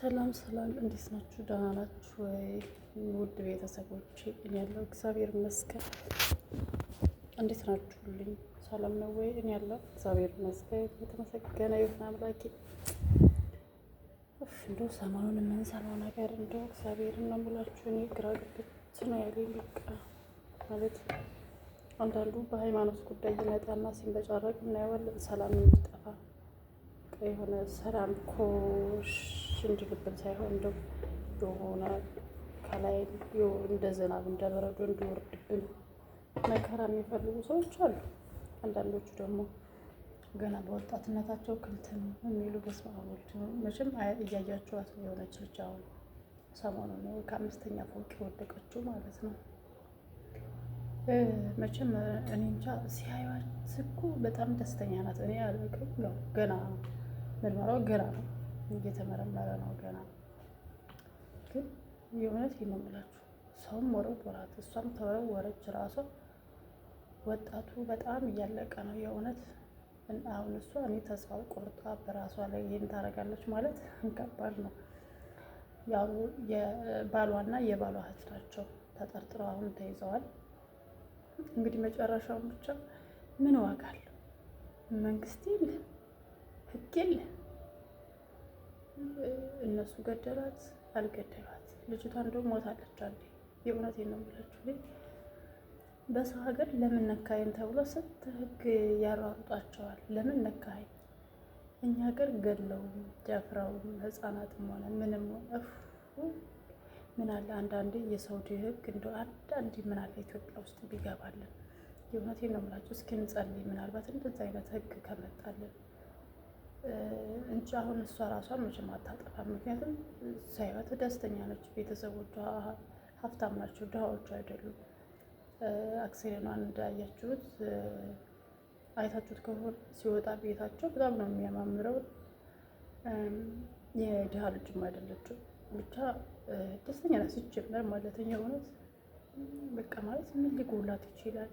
ሰላም ሰላም፣ እንዴት ናችሁ? ደህና ናችሁ ወይ ውድ ቤተሰቦቼ? እኔ ያለው እግዚአብሔር ይመስገን። እንዴት ናችሁልኝ? ሰላም ነው ወይ? እኔ ያለው እግዚአብሔር ይመስገን፣ የተመሰገነ ይሁን አምላኬ። እንደው ሰሞኑን የምንሰማው ነገር እንደው እግዚአብሔር ነው የምላችሁ። እኔ ግራ ግብት ነው ያለኝ። በቃ ማለት አንዳንዱ በሃይማኖት ጉዳይ ይመጣና ሲንበጫረቅ እናየዋለን። ሰላም እንዲጠፋ የሆነ ሰላም ኮሽ እሺ እንዲልብን ሳይሆን እንደ የሆነ ከላይ እንደ ዝናብ እንደ በረዶ እንዲወርድብን መከራ የሚፈልጉ ሰዎች አሉ። አንዳንዶቹ ደግሞ ገና በወጣትነታቸው ክንትን የሚሉ በስማቦች መቼም እያያችኋት የሆነች ልጅ አሁን ሰሞኑን ከአምስተኛ ፎቅ የወደቀችው ማለት ነው። መቼም እኔ እንጃ ሲያዩት እኮ በጣም ደስተኛ ናት። እኔ ያለቅም ገና ምርመራው ገና ነው እየተመረመረ ነው ገና። ግን የእውነት ይህን ነው የምላችሁ። ሰውም ወረወራት፣ እሷም ተወረወረች። ራሷ ወጣቱ በጣም እያለቀ ነው የእውነት። አሁን እሷ እኔ ተስፋ ቆርጣ በራሷ ላይ ይህን ታደርጋለች ማለት ከባድ ነው። ያው የባሏና የባሏ እህት ናቸው ተጠርጥረው አሁን ተይዘዋል። እንግዲህ መጨረሻውን ብቻ ምን ዋጋ አለው? መንግስት የለ፣ ህግ የለ። እነሱ ገደሏት አልገደሏት፣ ልጅቷ ደግሞ ሞታለች አለ። የእውነት ነው የምላችሁ። በሰው ሀገር ለምን ነካኸኝ ተብሎ ስንት ህግ ያሯሩጧቸዋል። ለምን ነካኸኝ እኛ ሀገር ገድለውም ደፍረውም ህፃናትም ሆነ ምንም ሆነ ምን አለ አንዳንዴ የሳውዲ ህግ እንደ አንዳንዴ ምን አለ ኢትዮጵያ ውስጥ ቢገባልን። የእውነቴን ነው የምላችሁ። እስኪ እንጸልይ፣ ምናልባት እንደዚህ አይነት ህግ ከመጣልን እንጂ አሁን እሷ ራሷን መቼም አታጠፋም። ምክንያቱም ሳይበት ደስተኛ ነች። ቤተሰቦቿ ሀብታም ናቸው፣ ድሃዎቹ አይደሉም። አክሲደንቷን እንዳያችሁት አይታችሁት ከሆነ ሲወጣ ቤታቸው በጣም ነው የሚያማምረው። የድሃ ልጅም አይደለችው ብቻ ደስተኛ ነች ሲጀመር ማለተኛ የሆነት በቃ ማለት ምን ሊጎላት ይችላል?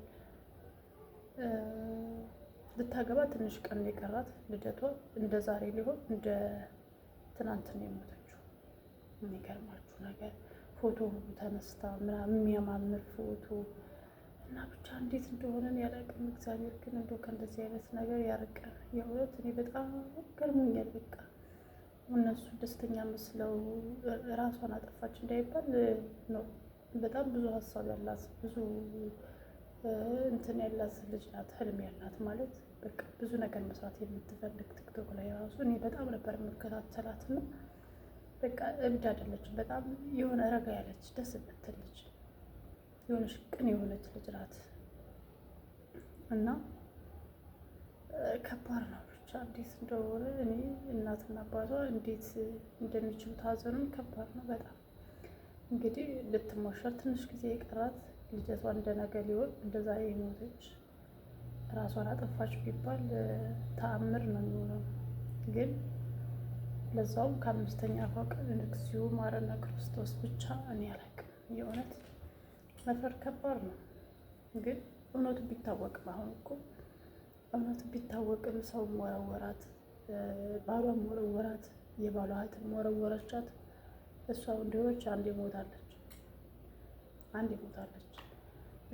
ልታገባ ትንሽ ቀን የቀራት ልደቷ እንደ ዛሬ ሊሆን እንደ ትናንት ነው የሞተችው። የሚገርማችሁ ነገር ፎቶ ተነስታ ምናምን የሚያማምር ፎቶ እና ብቻ እንዴት እንደሆነን ያላቅም። እግዚአብሔር ግን እንደው ከእንደዚህ አይነት ነገር ያርቀ። የእውነት እኔ በጣም ገርሞኛል። በቃ እነሱ ደስተኛ መስለው ራሷን አጠፋች እንዳይባል ነው። በጣም ብዙ ሀሳብ ያላት ብዙ እንትን ያላት ልጅ ናት። ህልም ያላት ማለት በቃ ብዙ ነገር መስራት የምትፈልግ ቲክቶክ ላይ ራሱ እኔ በጣም ነበር የምከታተላት እና በቃ እብድ አይደለችም። በጣም የሆነ ረጋ ያለች ደስ የምትለች የሆነች ቅን የሆነች ልጅ ናት እና ከባድ ነው ብቻ እንዴት እንደሆነ እኔ እናትና አባቷ እንዴት እንደሚችሉ ታዘኑን ከባድ ነው በጣም እንግዲህ ልትሞሸር ትንሽ ጊዜ የቀራት ልጀቷ እንደነገ ሊሆን እንደዛ የሞተች ራሷን አጠፋች ቢባል ተአምር ነው የሚሆነው። ግን ለዛውም ከአምስተኛ ፎቅ እግዚኦ ማረነ ክርስቶስ ብቻ እኔ አላውቅም። የእውነት መፈር ከባድ ነው። ግን እውነቱ ቢታወቅም አሁን እኮ እውነቱ ቢታወቅም ሰው ወረወራት፣ ባሏም ወረወራት፣ የባሏ እህትም ወረወረቻት። እሷ እንደሆነች አንድ ሞታለች፣ አንድ ሞታለች።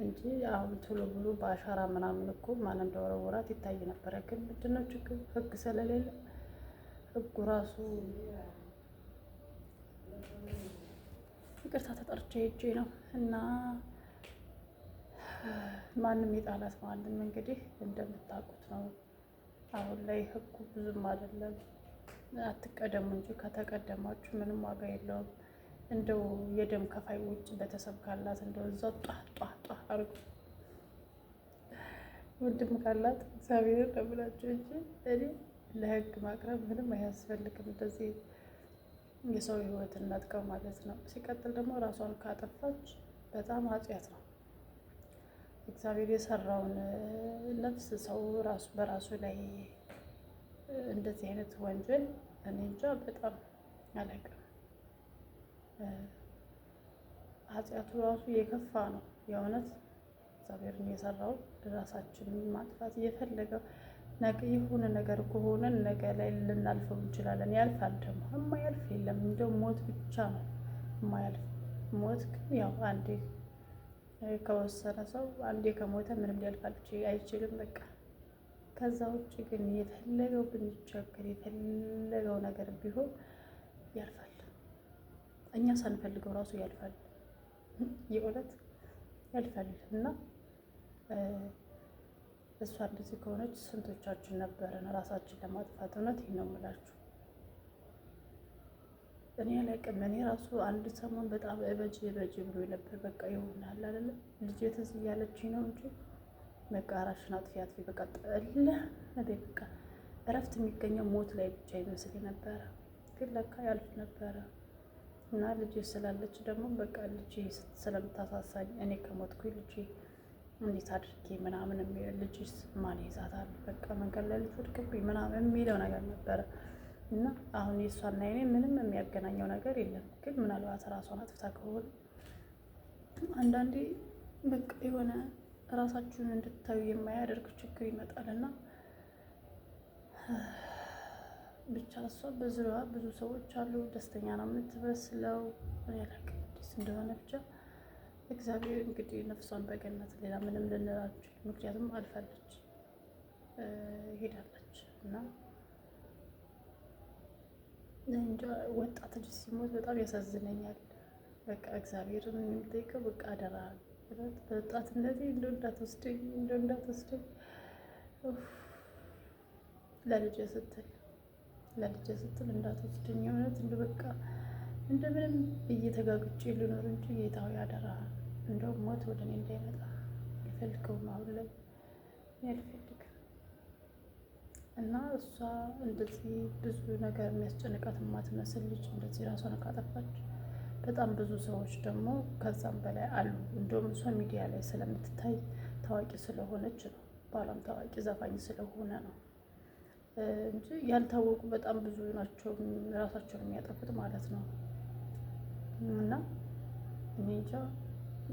እንጂ አሁን ቶሎ ብሎ በአሻራ ምናምን እኮ ማን እንደወረወራት ይታይ ነበረ። ግን ምንድነው ችግር ህግ ስለሌለ ህጉ ራሱ ይቅርታ ተጠርቼ ሄጄ ነው እና ማንም የጣላት ማንም እንግዲህ እንደምታውቁት ነው። አሁን ላይ ህጉ ብዙም አይደለም። አትቀደሙ እንጂ ከተቀደማችሁ ምንም ዋጋ የለውም። እንደው የደም ከፋይ ውጭ ቤተሰብ ካላት እንደው እዛ ጧ ጧ ጧ አርጉ ወንድም ካላት እግዚአብሔር ተብላችሁ እንጂ እኔ ለህግ ማቅረብ ምንም አያስፈልግም። እንደዚህ የሰው ህይወት እናጥቀው ማለት ነው። ሲቀጥል ደግሞ ራሷን ካጠፋች በጣም ኃጢአት ነው። እግዚአብሔር የሰራውን ነፍስ ሰው ራሱ በራሱ ላይ እንደዚህ አይነት ወንጀል እኔ እንጃ በጣም አለቅም። ኃጢአቱ ራሱ የከፋ ነው። የእውነት እግዚአብሔርን የሰራው ራሳችንን ማጥፋት እየፈለገ ነገ የሆነ ነገር ከሆነን ነገ ላይ ልናልፈው እንችላለን። ያልፋል ደግሞ የማያልፍ የለም። እንደው ሞት ብቻ ነው የማያልፍ። ሞት ግን ያው አንዴ ከወሰነ ሰው አንዴ ከሞተ ምንም ሊያልፋል አይችልም። በቃ ከዛ ውጭ ግን የፈለገው ብንቸገር የፈለገው ነገር ቢሆን ያልፋል። እኛ ሳንፈልገው ራሱ ያልፋል፣ የእውነት ያልፋል። እና እሷ እንደዚህ ከሆነች ስንቶቻችን ነበረን ራሳችን ለማጥፋት? እውነት ይህ ነው የምላችሁ። እኔ አላውቅም። እኔ ራሱ አንድ ሰሞን በጣም እበጅ እበጅ ብሎ ነበር። በቃ ይሆናል አለ ልጅ ትዝ እያለች ነው እንጂ በቃ ራሽን አጥፊ አጥፊ በቃ ጠለ በቃ እረፍት የሚገኘው ሞት ላይ ብቻ ይመስል ነበረ፣ ግን ለካ ያልፍ ነበረ። እና ልጅ ስላለች ደግሞ በቃ ልጅ ስለምታሳሳኝ እኔ ከሞትኩኝ ልጅ እንዴት አድርጌ ምናምን ልጅስ ማን ይዛታል? በቃ መንገድ ላይ ልጅ ምናምን የሚለው ነገር ነበረ እና አሁን የእሷና የኔ ምንም የሚያገናኘው ነገር የለም። ግን ምናልባት ራሷን አጥፍታ ከሆነ አንዳንዴ በቃ የሆነ ራሳችሁን እንድታዩ የማያደርግ ችግር ይመጣልና ብቻ እሷ በዙሪያዋ ብዙ ሰዎች አሉ። ደስተኛ ነው የምትመስለው። እኔ አላውቅም እንደሆነ ብቻ እግዚአብሔር እንግዲህ ነፍሷን በገነት ሌላ ምንም ልንላችሁ፣ ምክንያቱም አልፋለች ሄዳለች እና እንጃ ወጣት ልጅ ሲሞት በጣም ያሳዝነኛል። በቃ እግዚአብሔር የምንጠይቀው በቃ አደራ በወጣት እንደዚህ እንደ እንዳትወስደኝ እንደ እንዳትወስደኝ ለልጅ ስትል ለልጄ ስትል እንዳትወስደኝ እውነት እንደ በቃ እንደምንም ብዬ ተጋግጬ ልኖር እንጂ ጌታዊ አደራ እንደው ሞት ወደ እኔ እንዳይመጣ አልፈልገውም። አሁን ላይ እኔ አልፈልግም እና እሷ እንደዚህ ብዙ ነገር የሚያስጨንቃት የማትመስል ልጅ እንደዚህ ራሷን ካጠፋች በጣም ብዙ ሰዎች ደግሞ ከዛም በላይ አሉ። እንደውም እሷ ሚዲያ ላይ ስለምትታይ ታዋቂ ስለሆነች ነው። ባሏም ታዋቂ ዘፋኝ ስለሆነ ነው። እንጂ ያልታወቁ በጣም ብዙ ናቸው ራሳቸውን የሚያጠፉት ማለት ነው። እና እኔ እንጃ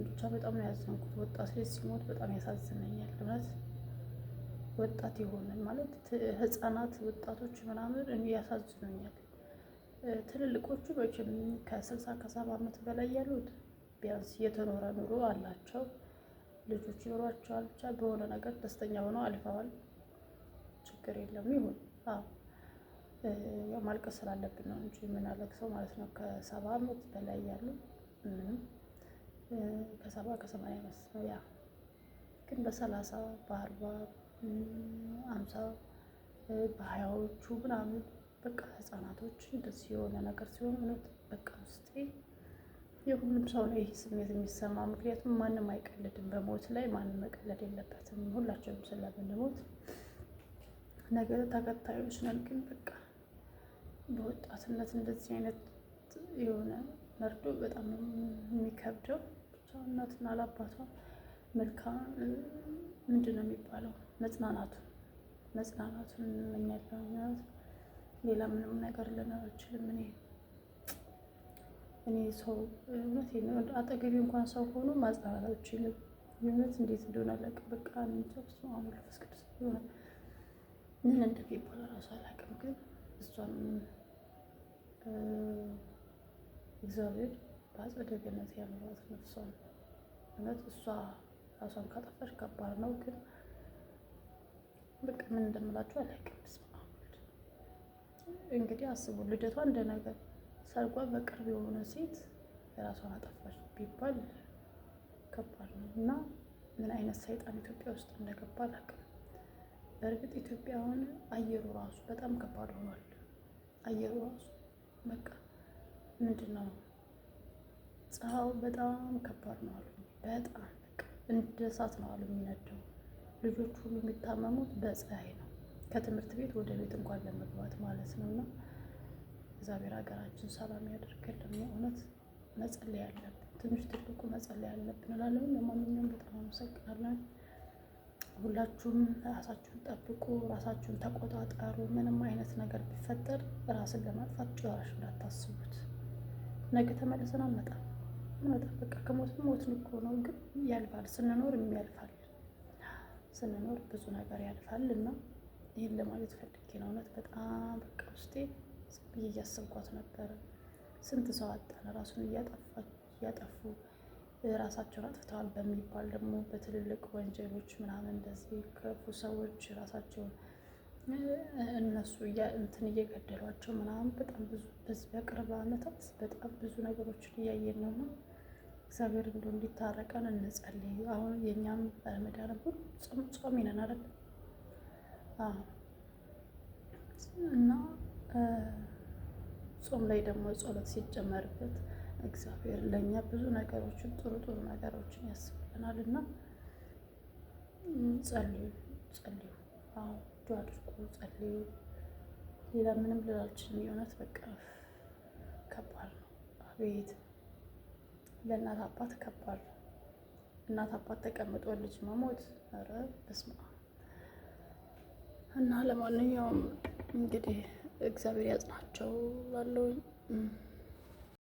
ብቻ በጣም ነው ያዘንኩት። ወጣት ልጅ ሲሞት በጣም ያሳዝነኛል እውነት። ወጣት የሆነ ማለት ህፃናት፣ ወጣቶች ምናምን እኔ ያሳዝኑኛል። ትልልቆቹ መቼም ከስልሳ ከሰባ ዓመት በላይ ያሉት ቢያንስ የተኖረ ኑሮ አላቸው፣ ልጆች ይኖሯቸዋል፣ ብቻ በሆነ ነገር ደስተኛ ሆነው አልፈዋል። ችግር የለም ይሁን። ያው ማልቀስ ስላለብን ነው እንጂ የምናለቅሰው ማለት ነው። ከሰባ አመት በላይ ያሉ ከሰባ ከሰማንያ ዓመት ነው ያ ግን በሰላሳ በአርባ አምሳ በሀያዎቹ ምናምን በቃ ህጻናቶች እንደዚህ የሆነ ነገር ሲሆን እውነት በቃ ውስጤ የሁሉም ሰው ነው ይህ ስሜት የሚሰማ። ምክንያቱም ማንም አይቀልድም በሞት ላይ ማንም መቀለድ የለበትም። ሁላችንም ስለምንሞት ነገ ተከታዮች ነን። ግን በቃ በወጣትነት እንደዚህ አይነት የሆነ መርዶ በጣም የሚከብደው ብቻ እናትና ለአባቷ መልካም ምንድን ነው የሚባለው መጽናናቱን መጽናናቱን እንመኛለን። ሌላ ምንም ነገር ልነው አልችልም። እኔ እኔ ሰው እውነት ነው አጠገቤ እንኳን ሰው ሆኖ ማጽናናት አልችልም። የእውነት እንዴት እንደሆነ አላውቅም። በቃ እኔ እንጃ። በስመ አብ ወመንፈስ ምን እንደሚባል እራሱ አላውቅም። ግን እሷን እግዚአብሔር በአጸደ ገነት ያኖራት ነፍሷን። እውነት እሷ ራሷን ካጠፋች ከባድ ነው። ግን በቃ ምን እንደምላችሁ አላውቅም። እንግዲህ አስቡ፣ ልደቷ እንደነገር ሰርጓ በቅርብ የሆነ ሴት የራሷን አጠፋች ቢባል ከባድ ነው እና ምን አይነት ሰይጣን ኢትዮጵያ ውስጥ እንደገባ አላውቅም። በእርግጥ ኢትዮጵያ አሁን አየሩ ራሱ በጣም ከባድ ሆኗል። አየሩ ራሱ በቃ ምንድን ነው ፀሐዩ በጣም ከባድ ነው አሉ። በጣም እንደ እሳት ነው አሉ የሚነደው። ልጆች ሁሉ የሚታመሙት በፀሐይ ነው፣ ከትምህርት ቤት ወደ ቤት እንኳን ለመግባት ማለት ነው። እና እግዚአብሔር ሀገራችን ሰላም ያደርግልን። እውነት መጸለይ አለብን፣ ትንሽ ትልቁ መጸለይ ያለብን እላለሁ። ለማንኛውም በጣም አመሰግናለን። ሁላችሁም ራሳችሁን ጠብቁ፣ ራሳችሁን ተቆጣጠሩ። ምንም አይነት ነገር ቢፈጠር ራስን ለማጥፋት ጭራሽ እንዳታስቡት። ነገ ተመልሰን አንመጣም። እንመጣም በቃ ከሞት ሞት እኮ ነው፣ ግን ያልፋል። ስንኖር የሚያልፋል፣ ስንኖር ብዙ ነገር ያልፋል እና ይህን ለማለት ፈልጌ ነው። እውነት በጣም በቃ ውስጤ ዝም ብዬ እያሰብኳት ነበረ። ስንት ሰው አጣን ራሱን እያጠፉ ራሳቸውን አጥፍተዋል በሚባል ደግሞ በትልልቅ ወንጀሎች ምናምን እንደዚህ ክፉ ሰዎች ራሳቸውን እነሱ እንትን እየገደሏቸው ምናምን በጣም ብዙ በዚህ በቅርብ ዓመታት በጣም ብዙ ነገሮችን እያየን ነው ነው እግዚአብሔር እንደ እንዲታረቀን እንጸልይ። አሁን የእኛም ረመዳን ጾም ጾም ይነን አይደል እና ጾም ላይ ደግሞ ጸሎት ሲጨመርበት እግዚአብሔር ለእኛ ብዙ ነገሮችን ጥሩ ጥሩ ነገሮችን ያስብልናል እና ጸልዩ፣ ጸልዩ፣ አዎ ዱ አድርጉ፣ ጸልዩ። ሌላ ምንም ልላችን የእውነት በቃ ከባድ ነው። አቤት ለእናት አባት ከባድ ነው። እናት አባት ተቀምጦ ልጅ መሞት፣ ኧረ በስመ አብ እና ለማንኛውም እንግዲህ እግዚአብሔር ያጽናቸው ላለውኝ